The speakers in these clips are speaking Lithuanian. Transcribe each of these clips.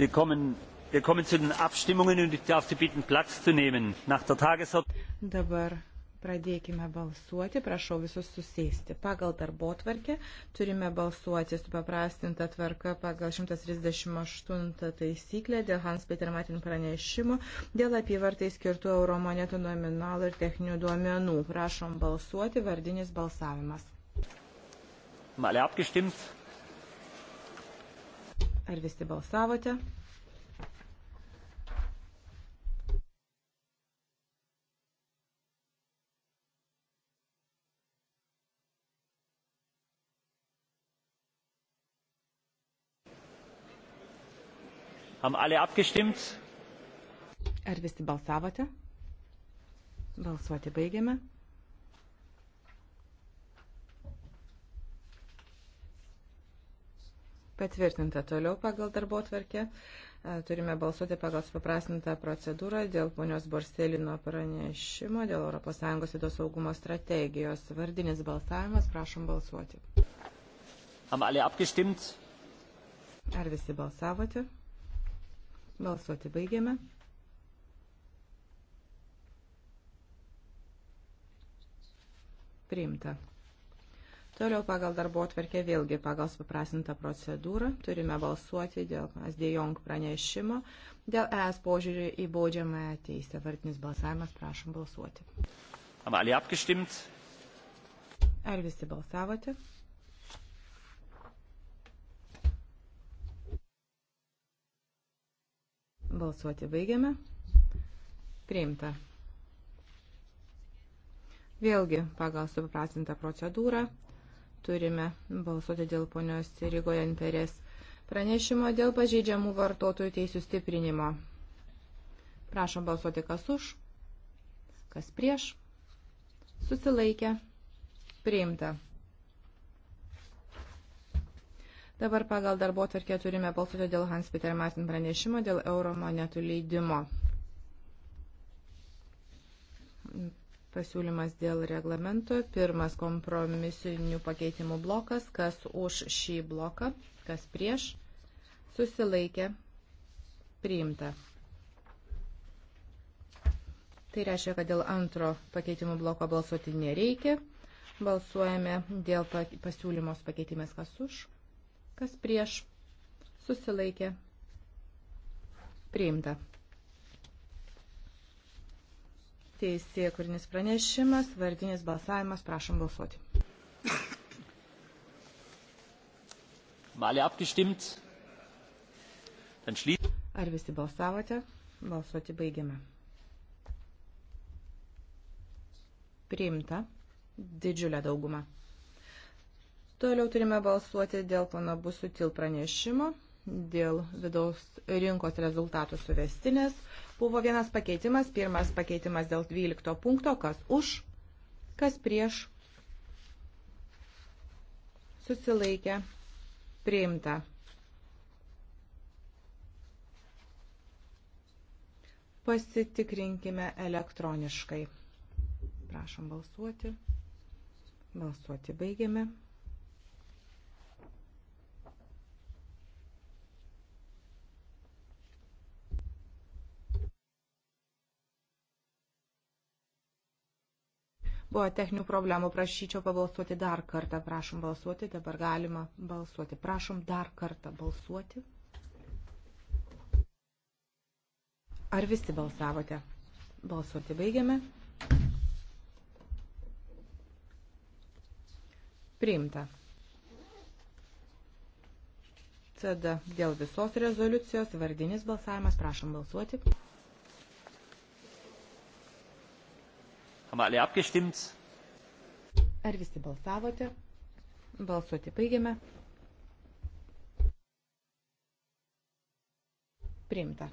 Wir kommen, wir kommen zu den Abstimmungen und ich darf Sie bitten, Platz zu nehmen. Nach der Tagesordnung. Dabar pradėkime balsuoti, prašau visus susėsti. Pagal darbo tvarkę turime balsuoti supaprastinta tvarka pagal 138 taisyklę dėl Hans Peter Martin pranešimų dėl apyvartai skirtų euro monetų nominalų ir techninių duomenų. Prašom balsuoti, vardinis balsavimas. Male apgestimt. Ar visi balsavote? Haben alle abgestimmt? Ar visi balsavote? Balsuoti baigiame. Patvirtinta toliau pagal darbo tvarkę. E, turime balsuoti pagal supaprastintą procedūrą dėl ponios Borstelino pranešimo dėl ES vidaus saugumo strategijos. Vardinis balsavimas, prašom balsuoti. Ar visi balsavote? Balsuoti baigiame. Priimta. Toliau pagal darbo atverkę vėlgi pagal suprasintą procedūrą turime balsuoti dėl Asdėjong pranešimo. Dėl ES požiūrį į baudžiamąją teisę vartinis balsavimas prašom balsuoti. Ar visi balsavote? Balsuoti baigiame. Priimta. Vėlgi pagal suprasintą procedūrą turime balsuoti dėl ponios Rygoje Imperės pranešimo dėl pažeidžiamų vartotojų teisų stiprinimo. Prašom balsuoti kas už, kas prieš, susilaikę, priimta. Dabar pagal darbo tvarkę turime balsuoti dėl Hans Peter Martin pranešimo dėl euro monetų leidimo. Pasiūlymas dėl reglamento. Pirmas kompromisinių pakeitimų blokas. Kas už šį bloką, kas prieš. Susilaikė. Priimta. Tai reiškia, kad dėl antro pakeitimų bloko balsuoti nereikia. Balsuojame dėl pasiūlymos pakeitimės kas už, kas prieš. Susilaikė. Priimta. Teisė kūrinis pranešimas, vardinis balsavimas, prašom balsuoti. Malė apgestimt. Ar visi balsavote? Balsuoti baigiame. Priimta didžiulę daugumą. Toliau turime balsuoti dėl pono Busutil pranešimo dėl vidaus rinkos rezultatų suvestinės. Buvo vienas pakeitimas, pirmas pakeitimas dėl 12 punkto, kas už, kas prieš, susilaikė, priimta. Pasitikrinkime elektroniškai. Prašom balsuoti. Balsuoti baigiame. Buvo techninių problemų, prašyčiau pabalsuoti dar kartą, prašom balsuoti, dabar galima balsuoti. Prašom dar kartą balsuoti. Ar visi balsavote? Balsuoti baigiame. Priimta. Tada dėl visos rezoliucijos vardinis balsavimas, prašom balsuoti. Ar visi balsavote? Balsuoti baigiame. Priimta.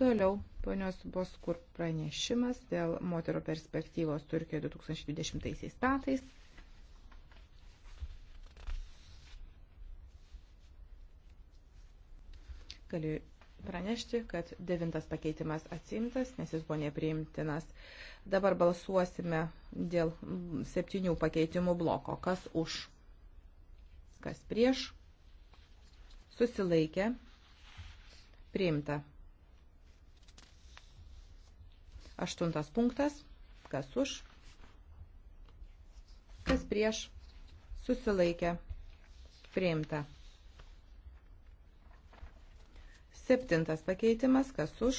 Toliau ponios Boskur pranešimas dėl moterų perspektyvos Turkijoje 2020 metais. Galiu pranešti, kad devintas pakeitimas atsimtas, nes jis buvo nepriimtinas. Dabar balsuosime dėl septynių pakeitimų bloko. Kas už? Kas prieš? Susilaikė. Priimta. Aštuntas punktas. Kas už? Kas prieš? Susilaikė. Priimta. Septintas pakeitimas, kas už?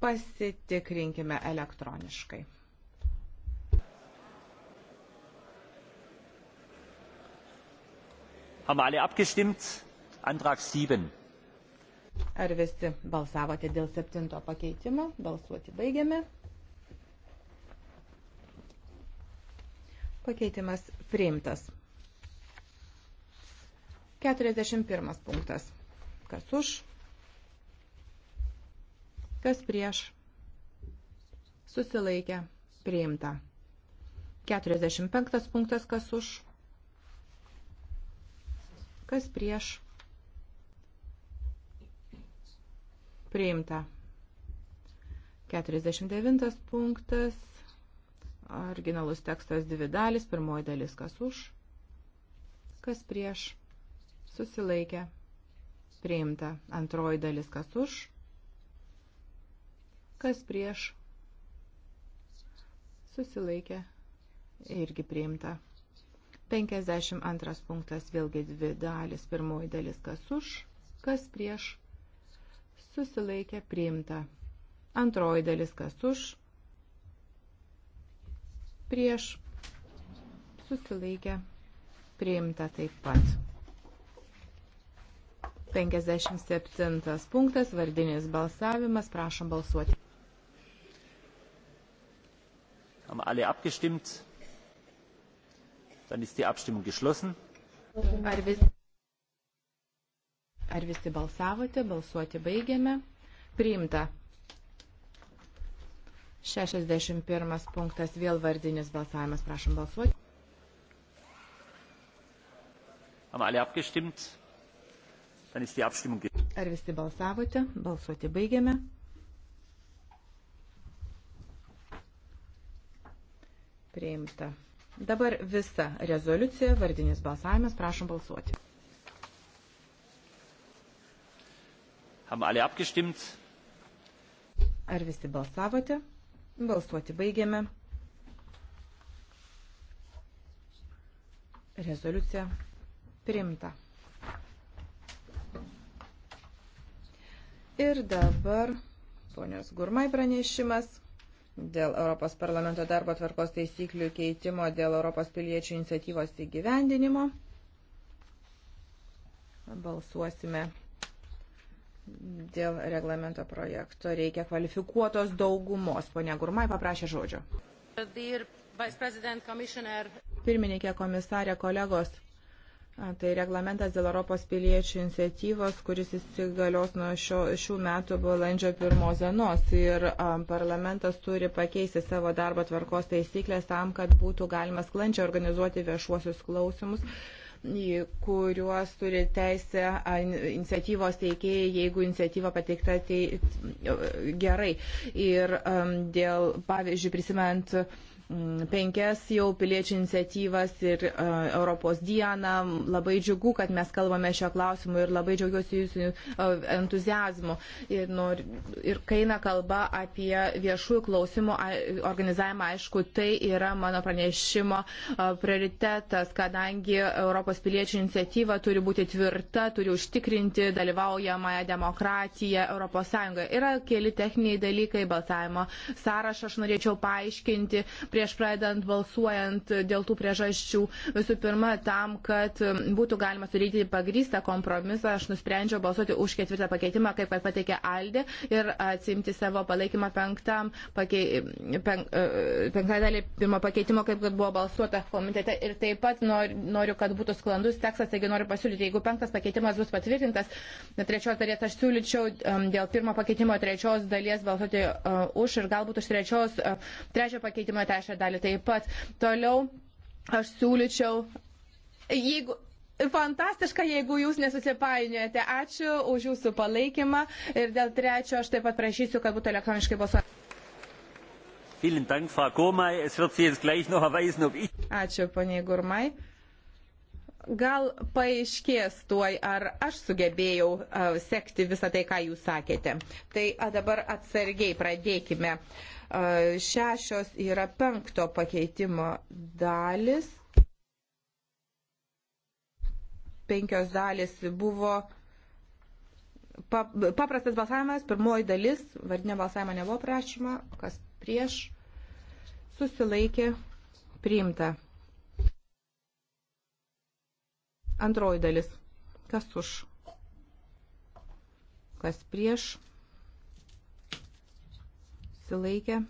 Pasitikrinkime elektroniškai. Haben alle abgestimmt? Antrag 7. Ar visi balsavote dėl septinto pakeitimo? Balsuoti baigiame. Pakeitimas priimtas. 41 punktas. Kas už? Kas prieš? Susilaikė. Priimta. 45 punktas. Kas už? Kas prieš? Priimta. 49 punktas. Originalus tekstas dvi dalis. Pirmoji dalis kas už, kas prieš susilaikė, priimta. Antroji dalis kas už, kas prieš, susilaikė, irgi priimta. 52 punktas, vėlgi dvi dalis, pirmoji dalis kas už, kas prieš, susilaikė, priimta. Antroji dalis kas už, prieš, susilaikė, priimta taip pat. 57 punktas, vardinis balsavimas, prašom balsuoti. Haben alle abgestimmt? Dann ist die Abstimmung geschlossen. Ar visi, ar visi balsavote? Balsuoti baigiame. Priimta. 61 punktas, vėl vardinis balsavimas, prašom balsuoti. Haben alle abgestimmt? Ar visi balsavote? Balsuoti baigiame. Priimta. Dabar visa rezoliucija, vardinis balsavimas, prašom balsuoti. Ar visi balsavote? Balsuoti baigiame. Rezoliucija priimta. Ir dabar ponios Gurmai pranešimas dėl Europos parlamento darbo tvarkos taisyklių keitimo dėl Europos piliečių iniciatyvos įgyvendinimo. Balsuosime dėl reglamento projekto. Reikia kvalifikuotos daugumos. Pone Gurmai paprašė žodžio. Pirmininkė komisarė kolegos Tai reglamentas dėl Europos piliečių iniciatyvos, kuris įsigalios nuo šio, šių metų balandžio pirmos dienos. Ir um, parlamentas turi pakeisti savo darbo tvarkos taisyklės tam, kad būtų galima sklandžiai organizuoti viešuosius klausimus į kuriuos turi teisę iniciatyvos teikėjai, jeigu iniciatyva pateikta tai gerai. Ir um, dėl, pavyzdžiui, prisimant uh, Mm, penkias jau piliečių iniciatyvas ir uh, Europos dieną. Labai džiugu, kad mes kalbame šio klausimu ir labai džiaugiuosi jūsų uh, e, entuzijazmu. Ir, nu, ir kai eina kalba apie viešųjų klausimų organizavimą, aišku, tai yra mano pranešimo uh, prioritetas, kadangi Europos piliečių iniciatyva turi būti tvirta, turi užtikrinti dalyvaujamąją demokratiją Europos Sąjungoje. Yra keli techniniai dalykai, balsavimo sąrašą aš norėčiau paaiškinti prieš pradant balsuojant dėl tų priežasčių. Visų pirma, tam, kad būtų galima sudaryti pagrįstą kompromisą, aš nusprendžiau balsuoti už ketvirtą pakeitimą, kaip kad pateikė Aldė, ir atsimti savo palaikymą penktam pakei, pen, e, penktą dalį pirmo pakeitimo, kaip kad buvo balsuota komitete. Ir taip pat noriu, noriu kad būtų sklandus tekstas, taigi noriu pasiūlyti, jeigu penktas pakeitimas bus patvirtintas, trečios dalies aš siūlyčiau dėl pirmo pakeitimo trečios dalies balsuoti uh, už ir galbūt už trečios, uh, trečio pakeitimo tai trečią dalį taip pat. Toliau aš siūlyčiau, jeigu. Fantastiška, jeigu jūs nesusipainiojate. Ačiū už jūsų palaikymą ir dėl trečio aš taip pat prašysiu, kad būtų elektroniškai balsuojama. Ačiū, poniai Gurmai gal paaiškės tuoj, ar aš sugebėjau uh, sekti visą tai, ką jūs sakėte. Tai a, dabar atsargiai pradėkime. Uh, šešios yra penkto pakeitimo dalis. Penkios dalis buvo paprastas balsavimas, pirmoji dalis, vardinio balsavimo nebuvo prašymo, kas prieš, susilaikė, priimta Antroji dalis. Kas už? Kas prieš? Silaikę.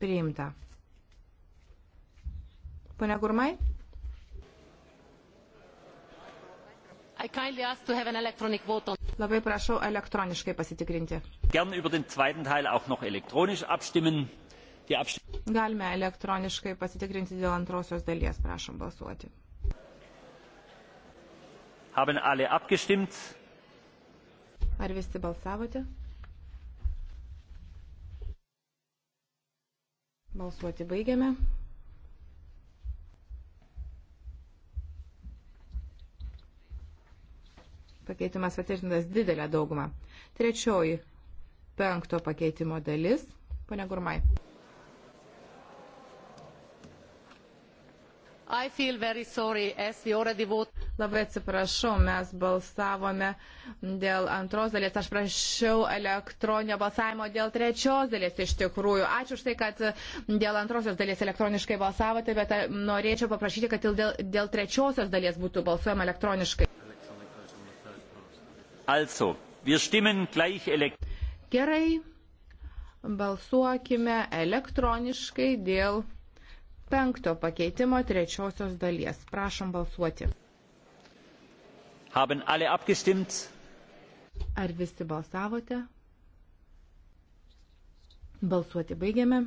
Priimta. Pone Gurmai? Labai prašau elektroniškai pasitikrinti. Gern über den zweiten Teil auch noch elektronisch abstimmen. Galime elektroniškai pasitikrinti dėl antrosios dalies, prašom balsuoti. Ar visi balsavote? Balsuoti baigiame. Pakeitimas patvirtintas didelę daugumą. Trečioji penkto pakeitimo dalis. Pone Gurmai. Sorry, already... Labai atsiprašau, mes balsavome dėl antros dalies. Aš prašiau elektroninio balsavimo dėl trečios dalies iš tikrųjų. Ačiū už tai, kad dėl antrosios dalies elektroniškai balsavote, bet norėčiau paprašyti, kad dėl, dėl trečiosios dalies būtų balsuojama elektroniškai. Also, Gerai, balsuokime elektroniškai dėl penkto pakeitimo trečiosios dalies. Prašom balsuoti. Haben alle abgestimmt? Ar visi balsavote? Balsuoti baigiame.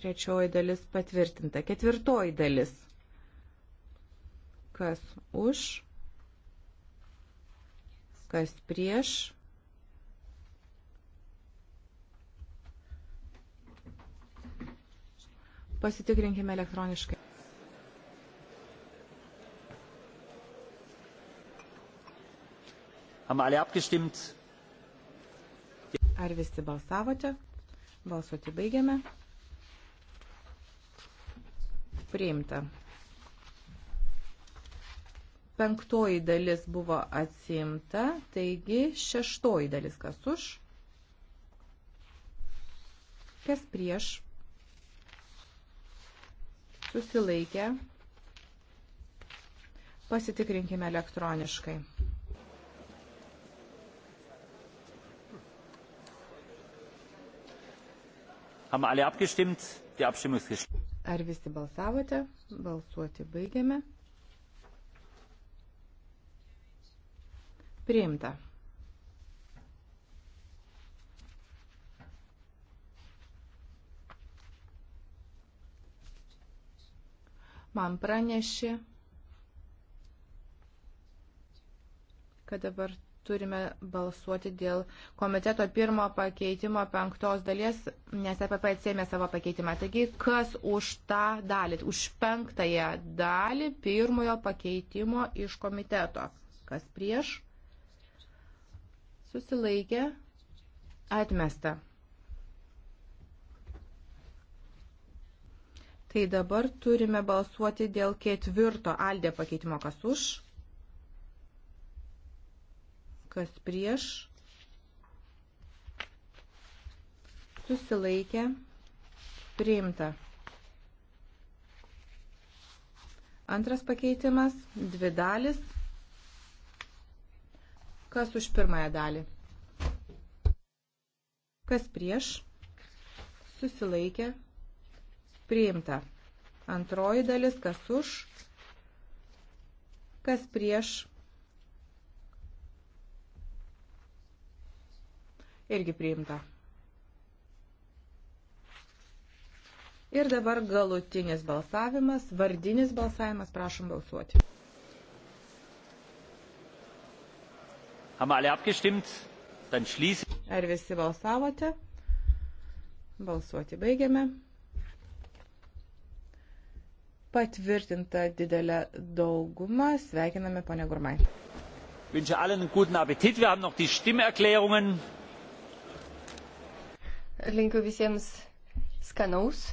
Trečioji dalis patvirtinta. Ketvirtoji dalis. Kas už? Kas prieš? Pasitikrinkime elektroniškai. Ar visi balsavote? Balsuoti baigiame. Priimta. Penktoji dalis buvo atsimta, taigi šeštoji dalis kas už, kas prieš susilaikė. Pasitikrinkime elektroniškai. Ar visi balsavote? Balsuoti baigiame. Priimta. man pranešė, kad dabar turime balsuoti dėl komiteto pirmo pakeitimo penktos dalies, nes EPP atsėmė savo pakeitimą. Taigi, kas už tą dalį, už penktąją dalį pirmojo pakeitimo iš komiteto? Kas prieš? Susilaikė, atmesta. Tai dabar turime balsuoti dėl ketvirto aldė pakeitimo, kas už, kas prieš, susilaikė, priimta. Antras pakeitimas, dvi dalis, kas už pirmąją dalį, kas prieš, susilaikė, priimta priimta. Antroji dalis, kas už, kas prieš. Irgi priimta. Ir dabar galutinis balsavimas, vardinis balsavimas, prašom balsuoti. Ar visi balsavote? Balsuoti baigiame patvirtinta didelė dauguma. Sveikiname, ponia Gurmai. Wünsche allen einen guten Appetit. Wir haben noch die Stimmerklärungen. Linkiu visiems skanaus